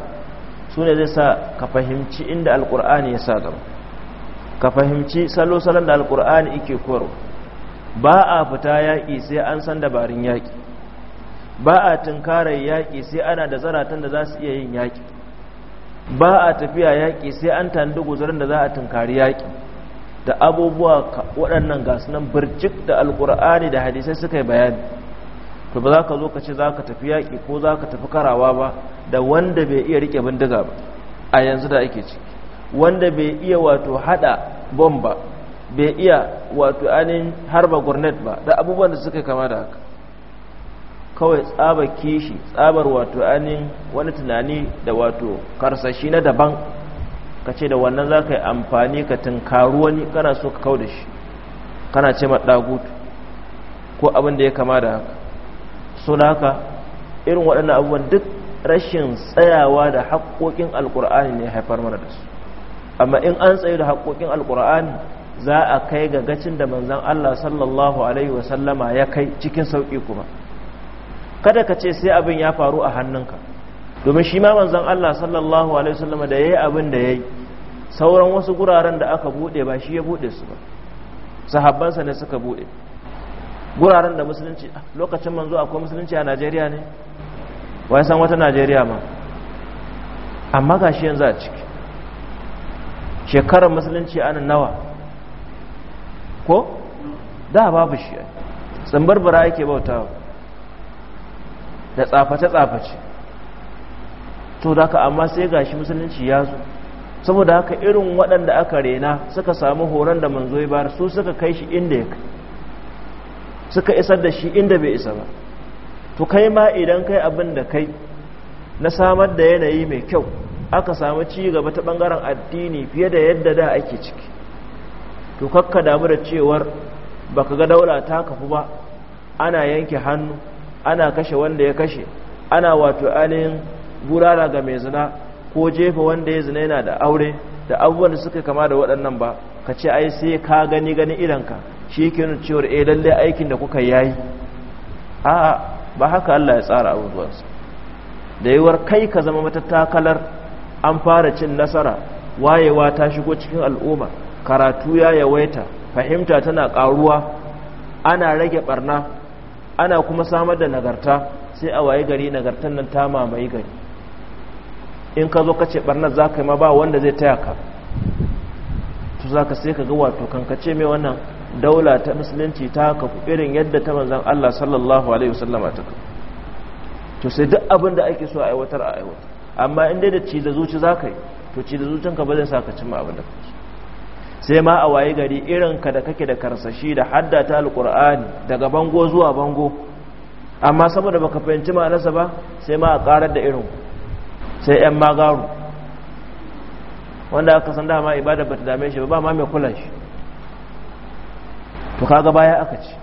su ne zai sa ka fahimci inda alkur'ani ya sa gaba ka fahimci salo salon da alkur'ani yake koro ba a fita yaƙi sai an san dabarun yaƙi ba a tunkarar yaƙi sai ana da zaratan da za su iya yin yaƙi ba a tafiya yaƙi sai an dugu guzarin da za a tunkari yaƙi da abubuwa waɗannan gasu nan birjik da alƙur'ani da hadisai suka yi bayani to ba za ka zo ka ce za ka tafi yaƙi ko za ka tafi karawa ba da wanda bai iya riƙe bindiga ba a yanzu da ake ciki wanda bai iya wato haɗa bomba bai iya wato ainihin harba gornet ba da abubuwan da suka kama da haka kawai tsaba kishi tsabar wato anin wani tunani da wato karsashi na daban ka ce da wannan za ka yi amfani ka tunkaru wani kana so ka kawo da shi kana ce maɗagutu ko abin da ya kama da haka so haka irin waɗannan abubuwan duk rashin tsayawa da haƙoƙin alƙur'ani ne haifar mana da su amma in an tsaye da haƙoƙin alƙur'ani za a kai ga gacin da manzan allah sallallahu alaihi wasallama ya kai cikin sauƙi kuma kada ka ce sai abin ya faru a hannunka domin shi ma manzon Allah sallallahu alaihi wasallam da yayi abin da yayi sauran wasu guraren da aka bude ba shi ya bude su ba sa ne suka bude guraren da musulunci ah, lokacin manzo akwai musulunci a Najeriya ne wai san wata Najeriya ma amma gashi yanzu a ciki shekarar musulunci a nan nawa ko da babu shi tsambar bara yake bautawa da tsaface-tsaface to da amma sai ga shi musulunci ya zo saboda haka irin waɗanda aka rena suka samu horon da manzo ya bayar su suka kai shi inda ya kai suka isar da shi inda bai isa ba to kai ma idan kai abin da kai na samar da yanayi mai kyau aka samu ci gaba ta ɓangaren addini fiye da yadda da ake ciki to kakka damu da cewar baka ga daula ta kafu ba ana yanke hannu ana kashe wanda ya kashe ana wato ainihin gurara ga mai zina ko jefa wanda ya zina yana da aure da abubuwan da suka kama da waɗannan ba ka ce ai sai ka gani gani idanka shi ke nuna cewar eh lalle aikin da kuka yayi a'a ba haka Allah ya tsara abubuwansa da yiwuwar kai ka zama matattakalar an fara cin nasara wayewa ta shigo cikin al'umma karatu ya yawaita fahimta tana karuwa ana rage barna ana kuma samar da nagarta sai a waye gari nagartan nan ta mamaye gari in ka zo kace barnar za ka yi ma ba wanda zai taya ka to za ka sai ka ga wato kankace mai wannan daula ta musulunci ta ku irin yadda ta manzan Allah sallallahu alaihi wasallama ta ka to sai duk abin da ake so a aiwatar a aiwatar amma in dai da ci da zuci za ka yi to ci da zucinka ba zai sa ka cimma abin da kake so sai ma a waye gari irin ka da kake da karsashi da haddata alqur'ani daga bango zuwa bango amma saboda baka fahimci ma'anarsa ba sai ma a karar da irin sai yan magaru wanda aka san dama ibada bata dame shi ba ma mai kula shi to kaga baya aka ci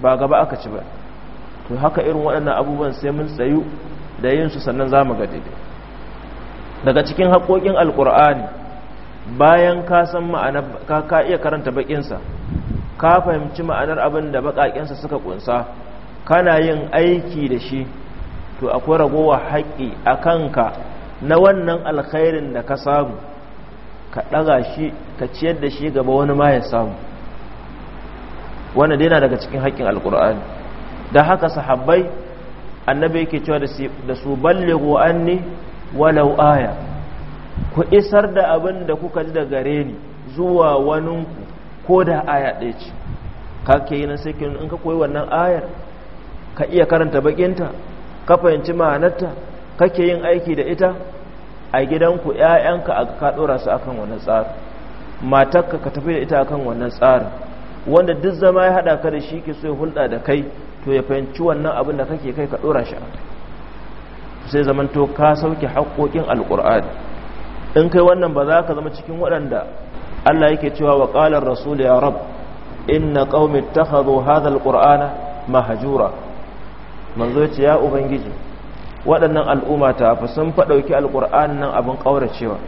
ba gaba aka ci ba to haka irin waɗannan abubuwan sai mun tsayu da yin su sannan zamu ga daidai daga cikin haƙoƙin alqur'ani bayan ka san ma'anar ka ka iya karanta bakinsa ka fahimci ma'anar abin da bakakensa suka kunsa kana yin aiki da shi to akwai ragowa haƙi a kanka na wannan alkhairin da ka samu ka ɗaga shi ka ciyar da shi gaba wani ma ya samu wannan dai na daga cikin haƙƙin alkur'ani da haka sahabbai annabi yake cewa da su ballighu anni walau aya ku isar da abin da kuka ji da gare ni zuwa waninku ko da aya ɗaya ce ka ke yi na sikin in ka koyi wannan ayar ka iya karanta bakinta ka fahimci ma'anarta kake yin aiki da ita a gidanku ‘ya'yanka a ka ɗora su akan wannan tsarin matarka ka tafi da ita akan wannan tsarin wanda duk zama ya haɗa ka da shi ke so ya hulɗa da kai to ya fahimci wannan abin da kake kai ka ɗora shi sai zamanto ka sauke haƙoƙin alƙur'ani in kai wannan ba za ka zama cikin waɗanda Allah yake cewa wa ƙalar rasul ya rab inna qaumi ittakhadhu hadha alqur'ana mahjura manzo ce ya ubangiji waɗannan al'umma ta fa sun faɗauki dauki nan abin ƙauracewa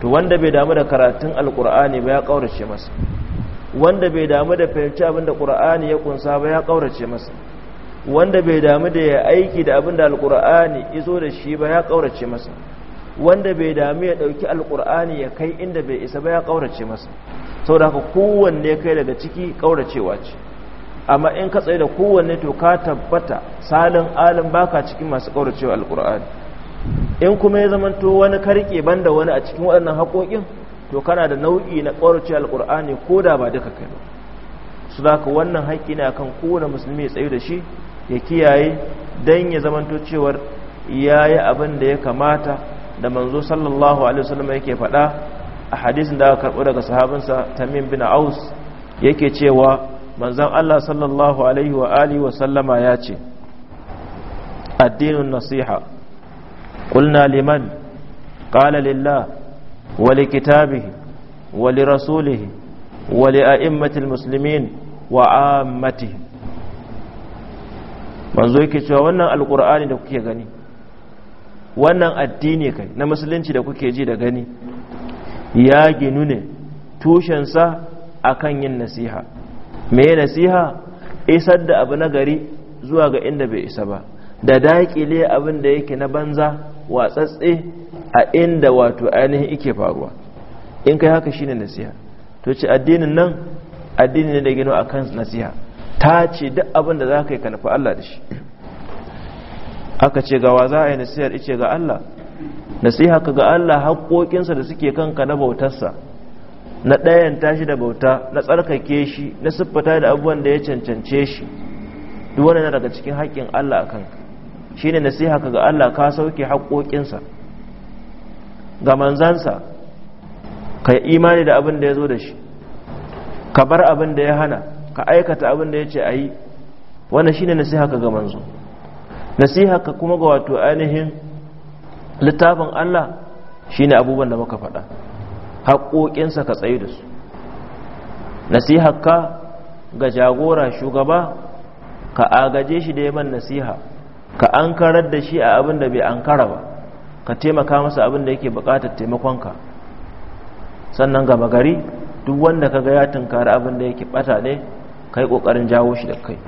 to wanda bai damu da karatun alqur'ani ba ya ƙaurace masa wanda bai damu da fahimci abin da qur'ani ya kunsa ba ya ƙaurace masa wanda bai damu da ya aiki da abin da alqur'ani izo da shi ba ya ƙaurace masa wanda bai dami ya dauki alkur'ani ya kai inda bai isa ba ya kaurace masa da haka kowanne kai daga ciki kauracewa ce amma in ka tsaye da kowanne to ka tabbata salin ba baka cikin masu kauracewa alkur'ani in kuma ya zamanto wani karke da wani a cikin waɗannan haƙoƙin to kana da nau'i na kauracewa alkur'ani ko da ba duka kai ba su da ka wannan haƙƙi ne akan kowane musulmi ya tsaye da shi ya kiyaye don ya zamanto cewar ya yi abin da ya kamata da manzo sallallahu alaihi wasallam yake faɗa a hadisin da aka karɓo daga sahabinsa tamim bin aus yake cewa manzon Allah sallallahu alaihi wa alihi sallama ya ce addinin nasiha ƙulna liman qala lillah wali li kitabihi wa li rasulihi wa li a'immatil muslimin wa ammatihim manzo yake cewa wannan Alƙur'ani da kuke gani wannan addini kai na musulunci da kuke ji da gani ya ginu ne tushensa akan yin nasiha me nasiha isar da abu na gari zuwa ga inda bai isa ba da daƙile abin da yake na banza watsatse a inda wato ainihin ike faruwa in kai haka shine nasiha to ce addinin nan addini ne da gino kan nasiha ta ce duk abin da za ka yi ka Allah da shi aka ce gawa za a yi nasihar ice ga Allah nasiha ka ga Allah haƙoƙinsa da suke kanka na bautarsa na ɗayan tashi da bauta na tsarkake shi na siffata da abubuwan da ya cancance shi duk wani daga cikin haƙƙin Allah a kanka shi ne nasiha ka ga Allah ka sauke haƙoƙinsa ga manzansa ka yi imani da abin da ya zo da shi ka bar abin da ya hana ka aikata abin da ya ce a yi wannan shi ne nasiha ka ga manzo nasiha ka kuma ga wato ainihin littafin Allah shine abubuwan da muka faɗa haƙoƙinsa ka tsaye da su nasihar ka ga jagora shugaba ka agaje shi da yaman nasiha ka ankarar da shi a abin da bai ankara ba ka taimaka masa abin da yake buƙatar taimakonka sannan gaba gari duk wanda ka ga ya tunkari abin da yake ɓata ne ka yi ƙoƙarin jawo shi da kai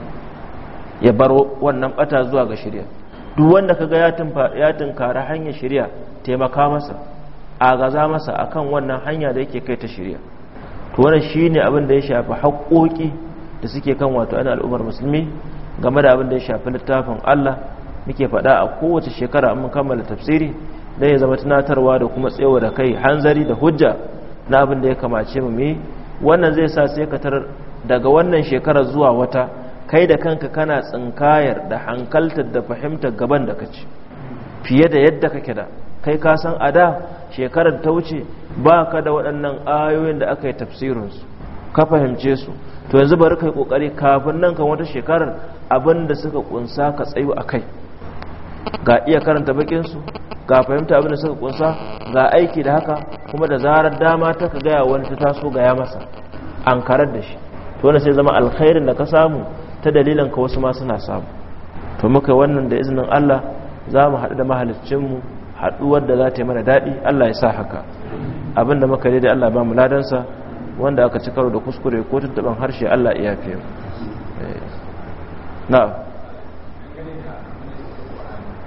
ya bar wannan bata zuwa ga shirya duk wanda kaga ya tunkara hanyar shirya taimaka masa a gaza masa akan wannan hanya da yake kai ta shirya to shi ne abin da ya shafi haƙoƙi da suke kan wato ana al'ummar musulmi game da abin da ya shafi littafin Allah muke faɗa a kowace shekara an kammala tafsiri dan ya zama tunatarwa da kuma tsewa da kai hanzari da hujja na abin da ya kamace mu mi wannan zai sa sai ka tarar daga wannan shekarar zuwa wata kai da kanka kana tsinkayar da hankaltar da fahimtar gaban da kaci fiye da yadda kake da kai ka san a da shekarar ta wuce ba ka da waɗannan ayoyin da aka yi tafsirinsu ka fahimce su to yanzu bari kai ƙoƙari kafin nan kan wata shekarar abinda da suka kunsa ka tsayo a kai ga iya karanta bakinsu ga fahimta abin da suka kunsa ga aiki da haka kuma da zarar dama ta ka gaya wani ta taso gaya masa an karar da shi to wani sai zama alkhairin da ka samu ta dalilan ka wasu ma suna samu to muka wannan da izinin Allah za mu haɗu da mahalicinmu haɗuwar da za ta yi mana daɗi Allah ya sa haka abin da muka da Allah ba mu ladansa wanda aka ci karo da kuskure ko tuntuɓen harshe Allah iya fiye eh. na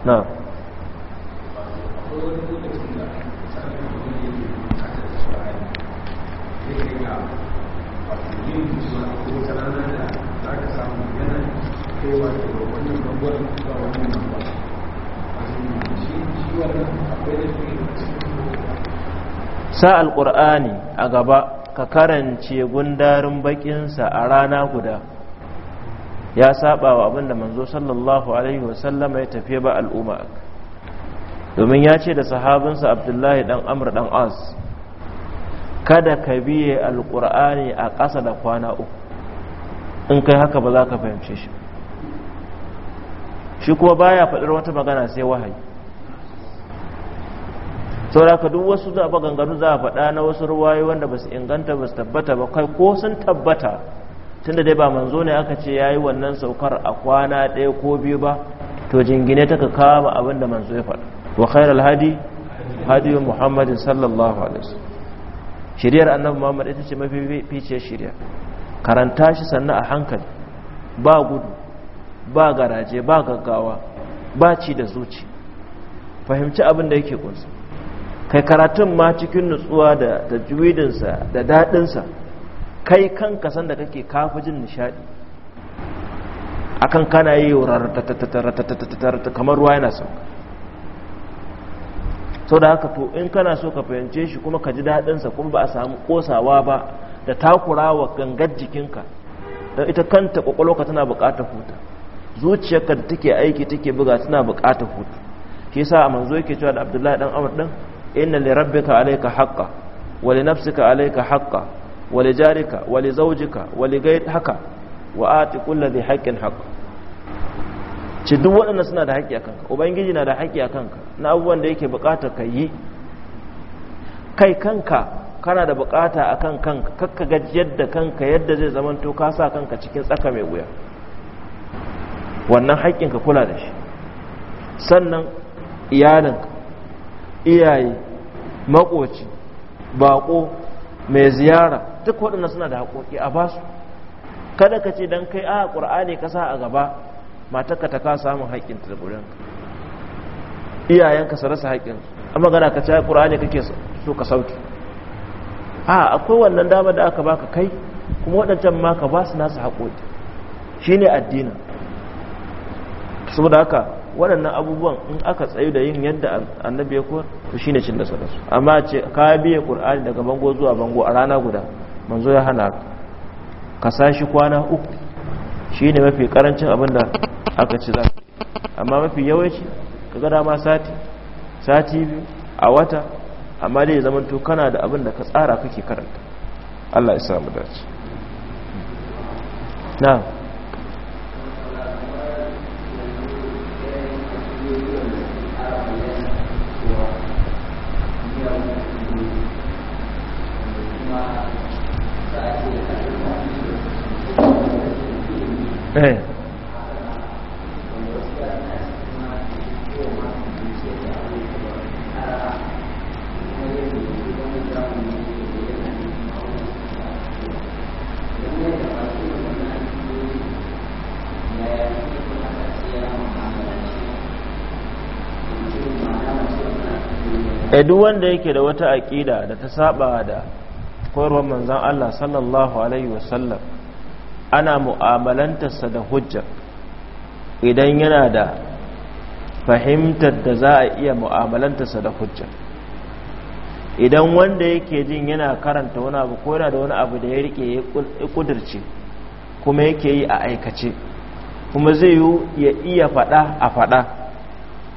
na sa alƙur'ani a gaba ka karance gundarin bakinsa a rana guda ya saba wa abinda manzo sallallahu alaihi wasallama ya tafi ba al'umma domin ya ce da sahabinsa abdullahi dan amr dan as kada ka biye alƙur'ani a ƙasa da kwana uku in kai haka ba za ka fahimce shi shi kuma baya faɗar wata magana sai wahayi sauraka duk wasu za a ganganu za a faɗa na wasu ruwayi wanda ba su inganta ba su tabbata ba kai ko sun tabbata da dai ba manzo ne aka ce ya yi wannan saukar a kwana ɗaya ko biyu ba to jingine ta ka kama abin da manzo ya faɗa wa khair alhadi hadi muhammadin sallallahu alaihi wasallam shiriyar annabi muhammad ita ce mafi ficiyar shiriya karanta shi sannan a hankali ba gudu ba garaje ba gaggawa ba ci da zuci fahimci abin da yake kunsa kai karatun ma cikin nutsuwa da tajwidinsa da daɗinsa kai kanka san da kake kafa jin nishaɗi akan kana yi kamar ruwa yana sauka sau da haka to in kana so ka fahimce shi kuma ka ji daɗinsa kuma ba a samu ƙosawa ba da takurawa gangar jikinka don ita kanta ƙwaƙwalwa tana buƙatar huta zuciyarka da take aiki take buga tana buƙatar hutu ke sa a manzo yake cewa da Abdullahi dan Amr din inna li rabbika alayka haqqan wa li nafsika alayka haqqan wa li jarika wa li zawjika wa li ghayr haka wa ati kulli dhi haqqin haqqan ci duk waɗannan suna da haƙƙi a kanka ubangiji na da haƙƙi a kanka na abubuwan da yake buƙatar ka yi kai kanka kana da buƙata a kan kanka kakka gajiyar da kanka yadda zai zamanto ka sa kanka cikin tsaka mai wuya wannan haƙƙin ka kula da shi sannan iyalin iyaye makoci bako mai ziyara duk waɗanda suna da haƙoƙi a basu kada ka ce don kai a ƙur'ani ka sa a gaba matarka ta ka samun haƙƙin ta da iyayenka su rasa haƙƙin a magana ka ce ƙur'ani kake so ka sauki a akwai wannan damar da aka baka kai kuma waɗancan ma ka ba su nasu haƙoƙi shine addinin saboda haka waɗannan abubuwan in aka tsayu da yin yadda annabi ya kuwa to shine cin da su amma ce ka biya qur'ani daga bango zuwa bango a rana guda manzo ya hana ka shi kwana uku shine mafi karancin abin da aka ci za amma mafi yawanci kaga dama sati sati biyu a wata amma dai zaman to kana da abin da ka tsara kake karanta Allah ya samu dace na'am 一哎。kai duk wanda yake da wata aƙida da ta saba da koyarwar manzan Allah sallallahu alaihi wasallam ana mu'amalantarsa da hujja idan yana da fahimtar da za a iya mu'amalantarsa da hujja idan wanda yake jin yana karanta wani abu ko yana da wani abu da ya rike ya kudirce kuma yake yi a aikace kuma zai yi ya iya faɗa a faɗa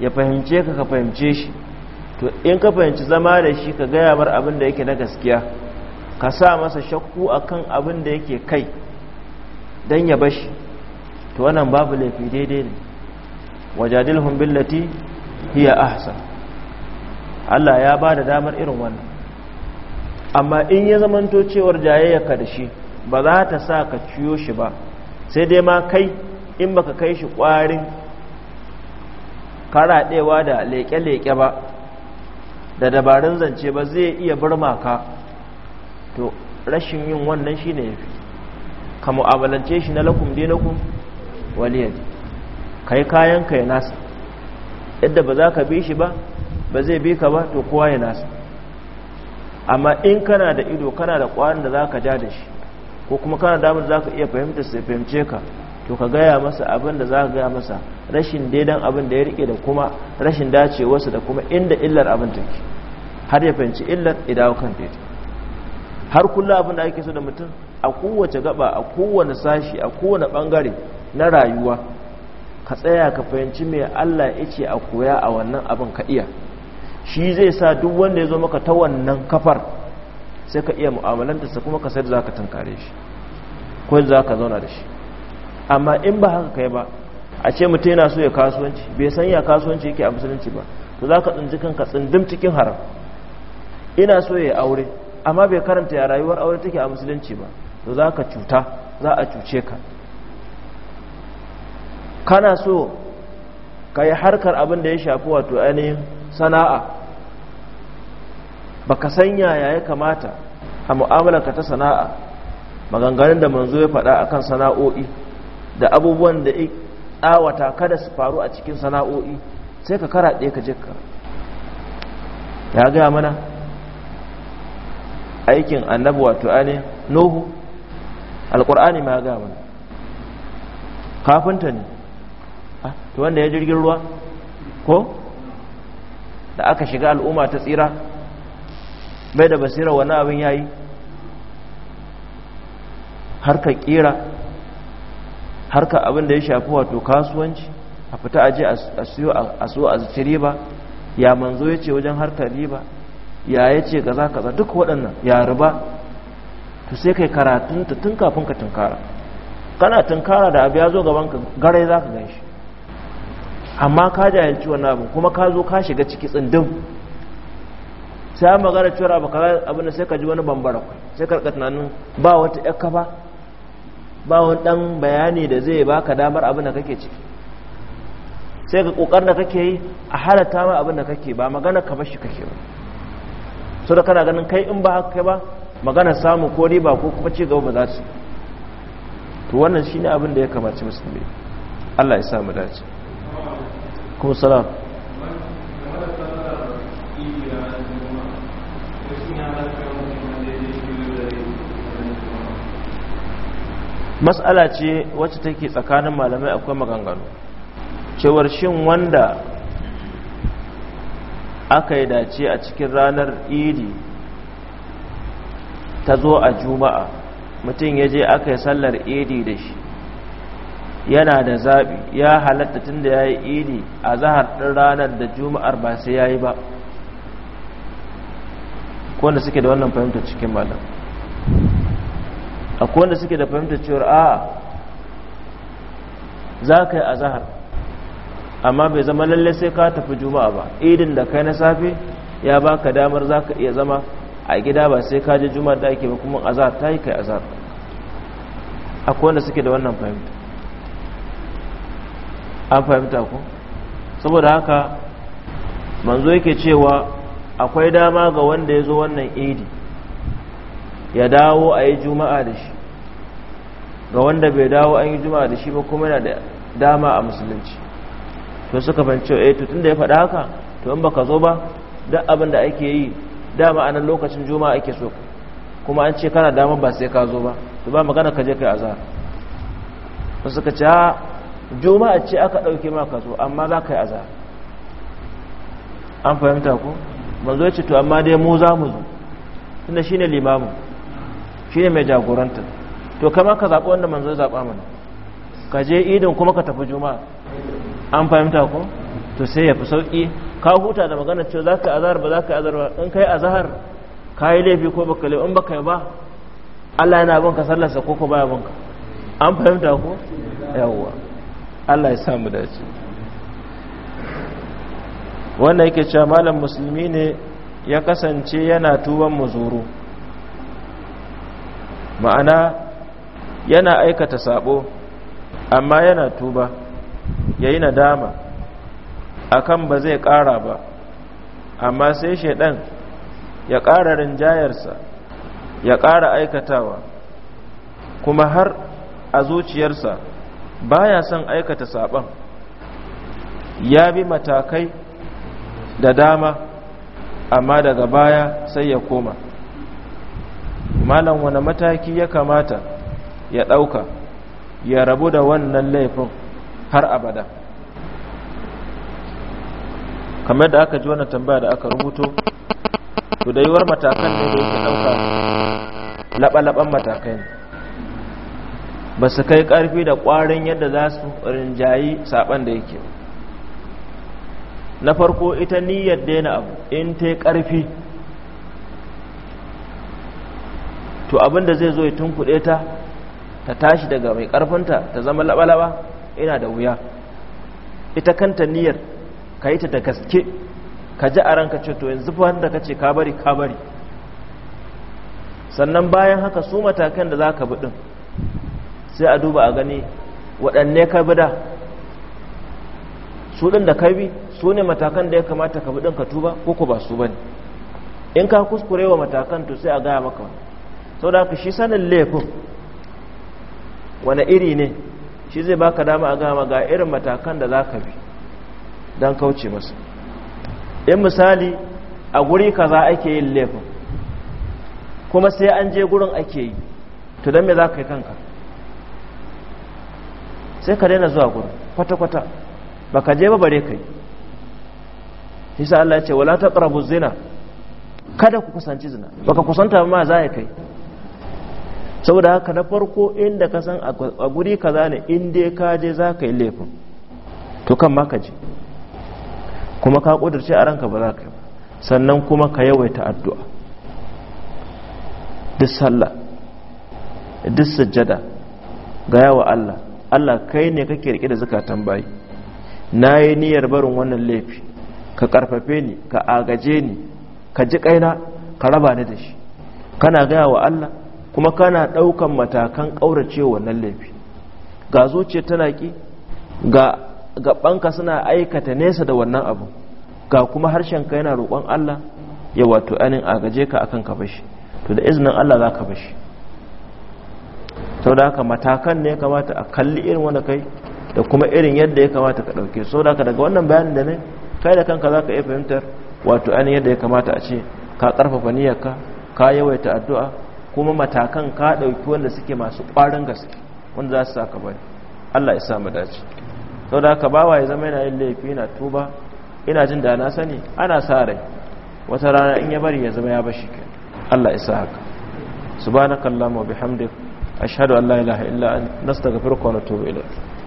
ya fahimce ka ka fahimce shi to in ka fahimci zama da shi ka gaya mar abin da yake na gaskiya ka sa masa shakku akan abin da yake kai don ya bashi to wannan babu laifi daidai ne wajadil humbillati hiya ahsan Allah ya ba da damar irin wannan amma in ya zamanto cewar ka da shi ba za ta sa ka ciyo shi ba sai dai ma kai in baka kai shi kwarin karaɗewa da leƙe-leƙe ba da dabarun zance ba zai iya bar ka to rashin yin wannan shi ne yafi ka mu'amalance shi na lakum dinakum waliyadi kai kayan ka ya nasa yadda ba za ka bi shi ba ba zai bi ka ba to kowa ya nasa amma in kana da ido kana da kwarin da za ka ja da shi ko kuma kana damar za ka iya fahimta sai fahimce ka to ka gaya masa abin da za ka gaya masa rashin daidan abin da ya rike da kuma rashin dacewarsa da kuma inda illar abin take har ya fahimci illar idawo kan daidai har kullum abin da ake so da mutum a kowace gaba a kowane sashi a kowane bangare na rayuwa ka tsaya ka fahimci mai Allah ya ce a koya a wannan abin ka iya shi zai sa duk wanda ya zo maka ta wannan kafar sai ka iya mu'amalantarsa kuma ka sai da za ka tankare shi ko za ka zauna da shi amma in ba haka kai ba a ce mutum yana so ya kasuwanci bai san ya kasuwanci yake a musulunci ba to za ka tsinci kanka tsindim cikin haram ina so ya aure amma bai karanta ya rayuwar aure take a musulunci ba to za ka cuta za a cuce ka kana so ka yi harkar abin da ya shafi wato ainihin sana'a ba ka sanya ya yi kamata a ka ta sana'a maganganun da manzo ya faɗa akan sana'o'i da abubuwan da ya tsawata kada su faru a cikin sana'o'i sai ka kara ɗaya ka je ka ya gaya mana aikin annabi tu'ani nuhu alƙur'ani ma ya gaya mana kafinta ne ah, to wanda ya jirgin ruwa ko da aka shiga al'umma ta tsira bai da basira wani abin yayi ka kira harka abin da ya shafi wato kasuwanci a fita aje a siyo a so a zuci riba ya manzo ya ce wajen harkar riba ya ya ce kaza kaza duk waɗannan ya riba to sai kai karatun ta tun kafin ka tunkara kana tunkara da abu ya zo gaban ka garai za ka gan shi amma ka jayanci wannan abu kuma ka zo ka shiga ciki tsindin sai magana cewa abu kaza abin da sai ka ji wani bambara sai ka tunanin ba wata yakka ba ba wani ɗan bayani da zai baka damar abin da kake ciki sai ka ƙoƙar da kake yi a halatta ma abin da kake ba magana ka bashi kake ba so da kana ganin kai in ba haka ba magana samu ko riba ko kuma ci gaba ba za su to wannan shine abin da ya kamaci musulmi Allah ya sa mu dace kuma salam matsala ce wacce take tsakanin malamai akwai maganganu cewar shin wanda aka yi dace a cikin ranar idi ta zo a juma'a mutum ya je aka yi sallar idi da shi yana da zaɓi ya halatta tun da ya yi idi a zahar ɗin ranar da juma'ar ba sai ya yi ba wanda suke da wannan fahimta cikin malam akwai wanda suke da fahimtar cewar a za ka yi azahar amma bai zama lalle sai ka tafi juma'a ba idin da kai na safe ya baka damar za ka iya zama a gida ba sai ka je juma'a da ake ba kuma azahar ta yi kai azahar akwai wanda suke da wannan fahimta an fahimta ku saboda haka manzo yake cewa akwai dama ga wanda ya zo wannan idi ya dawo a yi juma'a da shi ga wanda bai dawo an yi juma'a da shi ba kuma yana da dama a musulunci to suka fahimci eh to tunda ya faɗa haka to in baka zo ba duk abin da ake yi dama a nan lokacin juma'a ake so kuma an ce kana dama ba sai ka zo ba to ba magana ka je kai azhar to suka ce ah, juma'a ce aka ɗauke ma ka zo amma za ka yi an fahimta ko manzo ya ce to amma dai mu za mu zo tunda ne limamin Shi ne mai jagorantar to kama ka zaɓi wanda manzo zaɓa mana ka je idin kuma ka tafi juma'a an fahimta ko to sai ya fi sauƙi ka huta da magana cewa za ka yi azahar ba za ka yi azahar ba in kai azahar ka yi laifi ko baka laifi in baka yi ba Allah yana bin ka sallarsa ko ko baya bin ka an fahimta ko yawwa Allah ya samu dace wannan yake cewa malam musulmi ne ya kasance yana tuban muzuru ma'ana yana aikata sabo amma yana tuba yayi nadama akan ba zai ƙara ba amma sai shaidan ya ƙara rinjayarsa ya ƙara aikatawa kuma har a zuciyarsa baya son aikata sabon ya bi matakai da dama amma daga baya sai ya koma malam wani mataki ya kamata ya ɗauka ya rabu da wannan laifin har abada kamar da aka ji wani tambaya da aka rubuto to da yiwuwar matakan ne da yake ɗauka laɓa-laɓan matakai ba su kai ƙarfi da ƙwarin yadda za su rinjayi saɓan da yake na farko ita niyyar daina abu in ta yi ƙarfi to abin da zai zo ya tunkuɗe ta ta tashi daga mai ƙarfinta ta zama laɓa-laɓa ina da wuya ita kanta niyyar ka yi ta da gaske ka ji a ranka ce to yanzu fa da ka ce ka bari ka bari sannan bayan haka su matakan da za ka bi ɗin sai a duba a gani waɗanne ka bi da su ɗin da ka bi su ne matakan da ya kamata ka bi ɗin ka tuba ko ku ba su ba ne in ka kuskure wa matakan to sai a gaya maka wani sau da ka shi sanin laifin wane iri ne shi zai baka dama a gama ga irin matakan da za ka bi don kauce masu in misali a guri za ake yin laifin kuma sai an je gurin ake yi to don me za ka yi kanka sai ka daina zuwa gurin kwata-kwata ba ka je ba bare ka yi shi sa Allah ce wala ta zina kada ku kusanci zina ba ka kusanta ma za ya kai saboda haka na farko inda ka san a guri kaza ne in dai ka je za ka yi laifin to kan ma ka je kuma ka kudurce a ranka ba za ka yi sannan kuma ka yawaita addu'a duk sallah duk sajjada, ga yawa Allah Allah kai ne kake rike da zakatan bayi na yi niyyar barin wannan laifi ka karfafe ni ka agaje ni ka ji kaina ka raba ni da shi kana gaya wa Allah kuma kana ɗaukan matakan ƙaurace wannan laifi ga zuciya tana ki ga gabanka suna aikata nesa da wannan abu ga kuma harshen ka yana roƙon Allah ya wato anin agaje ka akan ka bashi to da izinin Allah za ka bashi sau da haka matakan ne ya kamata a kalli irin wanda kai da kuma irin yadda ya kamata ka ɗauke sau da haka daga wannan bayanin da ne kai da kanka za ka iya fahimtar wato anin yadda ya kamata a ce ka ƙarfafa niyyarka ka yawaita addu'a kuma matakan ka ɗauki wanda suke masu ƙwarin gaske wanda za su saka bari Allah ya sa mu dace sau da ba bawa ya zama yana yin laifi yana tuba ina jin da na sani ana sa rai wata rana in ya bari ya zama ya bashi ke Allah ya sa haka subhanakallahumma wa bihamdik ashhadu an la ilaha illa anta nastaghfiruka wa natubu ilayk